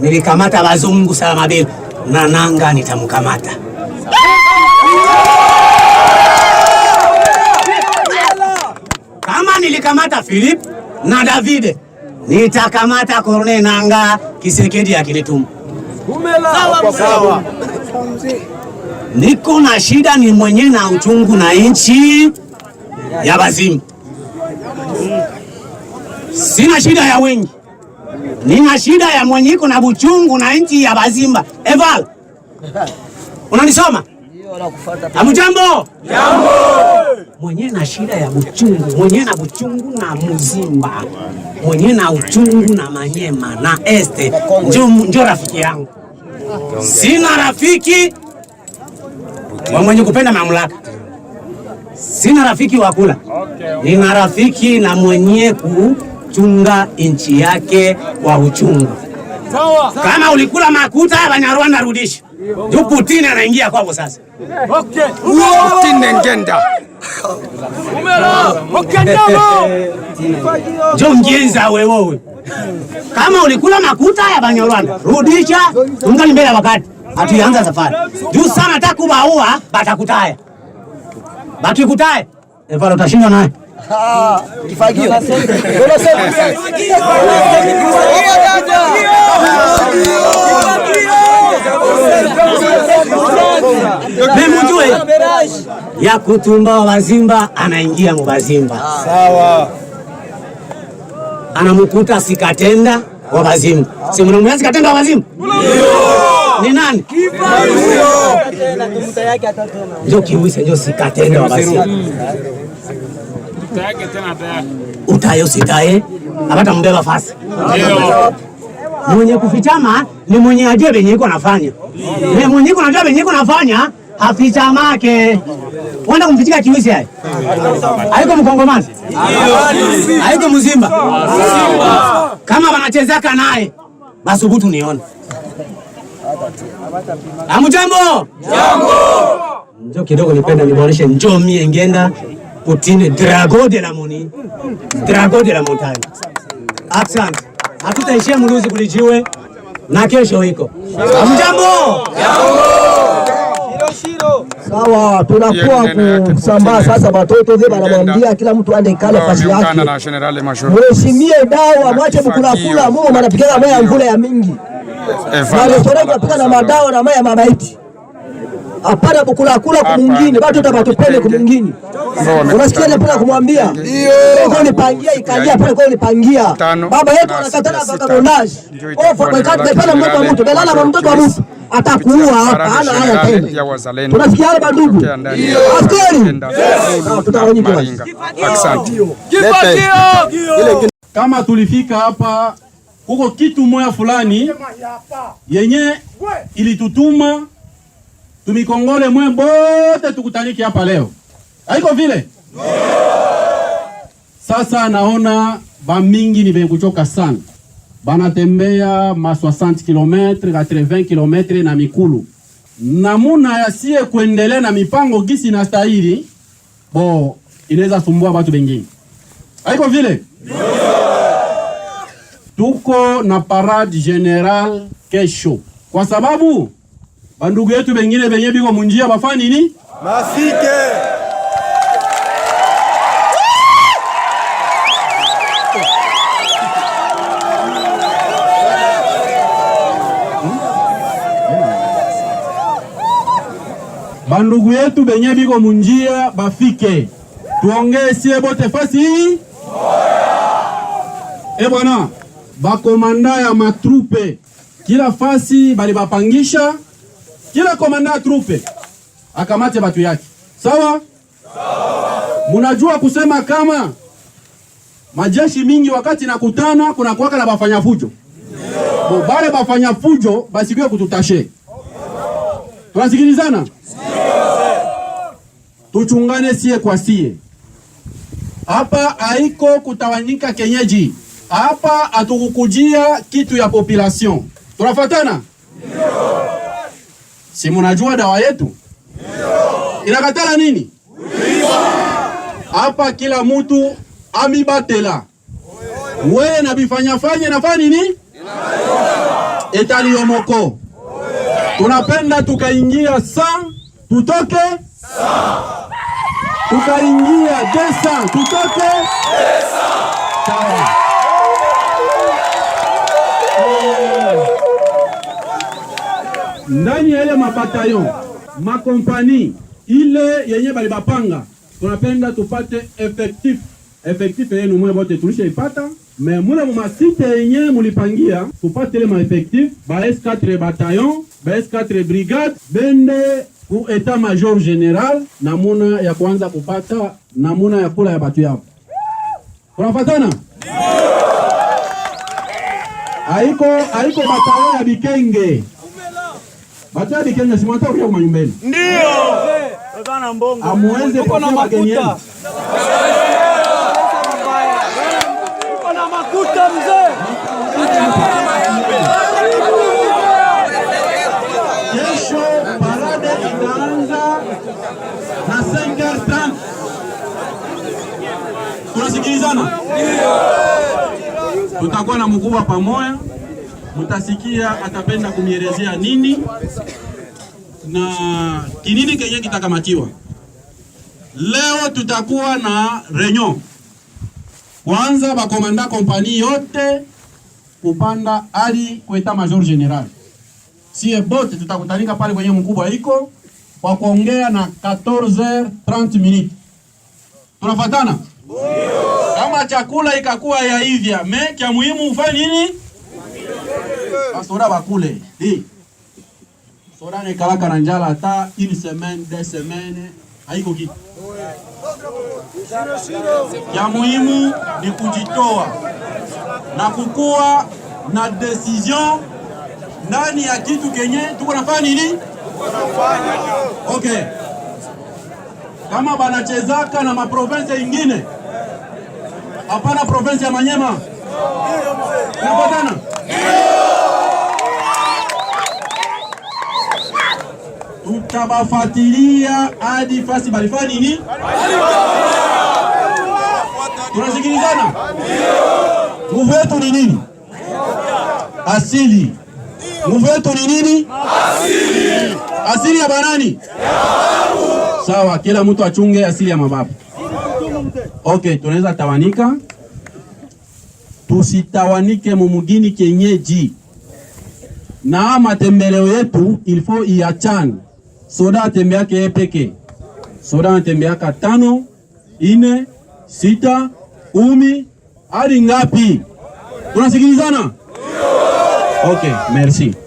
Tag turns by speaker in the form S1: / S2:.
S1: nilikamata wazungu salama bila na nanga nitamkamata. Kama nilikamata Philip na Davide, nitakamata Corne Nanga Kisekedi ya kilitumu Niko na shida ni mwenye na uchungu na nchi ya bazimu, sina shida ya wengi nina shida ya mwenyiko na buchungu na nchi ya Bazimba. Eval, unanisoma? Amujambo, jambo. Mwenye na shida ya buchungu, mwenye na buchungu na Muzimba, mwenye na uchungu na Manyema na este, njo rafiki yangu. Sina rafiki wa mwenye kupenda mamlaka, sina rafiki wa kula, nina rafiki na mwenye ku kuchunga nchi yake kwa uchungu. Kama ulikula makuta Banyarwanda, rudisha juu. Putini anaingia kwako sasa. Jongiza wewe, kama ulikula makuta ya Banyarwanda rudisha, tungali mbele ya wakati, hatuanza safari juu sana. Takubaua batakutaya batukutaya, evala utashindwa naye Kifagio. Oh, Memujue ya kutumba Wazimba anaingia Mubazimba, sawa, anamukuta sikatenda wa Wazimba, si mnamwezi katenda wa ni nani? Njo kiwise njo sikatenda wa Utaye usitaye, mbeba fasi. Mwenye kufichama ni mwenye ajue venye iko nafanya, mwenye iko najua venye iko nafanya hafichamake wanda kumfichika kiwisi hai haiko mkongomani haiko mzimba. Kama wanachezaka naye basi butu niona amujambo jambo, njoo kidogo nipenda niboreshe, njoo mie ngenda Poutine, drago de la moni, drago de la montagne. Asante, hatutaishia muluzi kulijiwe na kesho iko amjambo. Sawa, tunakuwa kusambaa sasa. Watoto vile wanamwambia kila mtu ande kale fasi yake, mheshimie dawa mwache mkulakula muo manapikana maya mvula ya mingi eh, na restorenti na madawa na maya mabaiti Hapana kukula kula kumwingine, bado tabatupe kumwingine. Unasikia ile pala kumwambia. ni pangia ikalia pale kwa ni pangia Baba yetu anakatana vagabondage. ofa kwa kati pale mtoto wa mtu, belala wa mtoto wa mtu. Atakuua hapa, ana haya tena. Tunasikia hapa ndugu. Ndio. Askari.
S2: Tutawanyika. Asante.
S3: Kama tulifika hapa kuko kitu moya fulani yenye ilitutuma tumikongole mwe bote tukutaniki hapa leo, haiko vile? Sasa naona bamingi ni vekuchoka sana, banatembea ma 60 km 80 km na mikulu namuna yasiye kuendelea na mipango gisi na stahili bo, inaweza sumbua batu bengini haiko vile? Tuko na parade general kesho, kwa sababu bandugu yetu bengine benye biko munjia bafanya nini?
S2: Masike
S3: bandugu yetu benye biko munjia bafike, tuongee sie bote fasi hii. Eh, e bwana, bakomanda ya matrupe kila fasi balibapangisha kila komanda trupe akamate batu yake. Sawa,
S2: sawa.
S3: Munajua kusema kama majeshi mingi wakati nakutana kuna kuwaka na bafanya fujo
S2: yeah.
S3: Bale bafanya fujo basikwe kututashe, tunasikilizana
S2: yeah.
S3: Tuchungane sie kwa sie hapa, aiko kutawanyika kenyeji hapa, atukukujia kitu ya population, tunafatana yeah. Si mnajua dawa yetu inakatala nini? Hapa kila mutu amibatela we nabifanyafanye nafaa nini etaliyomoko. Tunapenda tukaingia sa tutoke sa, tukaingia desa tutoke desa ndani ya ile mabatayon makompani ile yenye balibapanga, tunapenda tupate efektif efektif yenu mwe bote tulishaipata me mule mumasite yenye mulipangia tupate ile maefektif ba S4 batayon ba S4 brigade bende ku eta major general, namuna ya kuanza kupata namuna ya kula ya batu yao. Tunafatana aiko aiko batayon ya Bikenge Matadi Kenya si mwataka kuja manyumbeni. Ndio. Bwana Mbongo. kwa na makuta.
S4: Kwa na makuta mzee.
S3: Kesho parade na Tunasikilizana? Ndio. Tutakuwa na mkubwa pamoja mtasikia atapenda kumielezea nini na kinini kenye kitakamatiwa. Leo tutakuwa na renyo kwanza, bakomanda kompani yote kupanda ali kweta major general, sie bote tutakutanika pale kwenye mkubwa iko kwa kuongea na 14h30 minutes. Tunafatana kama chakula ikakuwa ya hivya me, kya muhimu ufanye nini? basora bakule di sora nekalaka na njala ata une semaine de semaine haiko ya muhimu ni kujitoa na kukuwa na decision ndani ya kitu kenye tuko nafanya nini. Okay, kama banachezaka na maprovense ingine, hapana provense ya Manyema, unapatana tabafatilia hadi fasi balifanya nini. Tunasikilizana, nguvu yetu ni nini? Asili. Nguvu yetu ni nini?
S2: Asili.
S3: Asili ya banani? Sawa, kila mtu achunge asili ya mababu. Okay, tunaweza tawanika, tusitawanike mumugini kienyeji na matembeleo yetu ilifo iachani soda atembeaka ye peke. Soda anatembeaka tano, ine, sita, kumi hadi ngapi? Tunasikilizana? Okay, merci.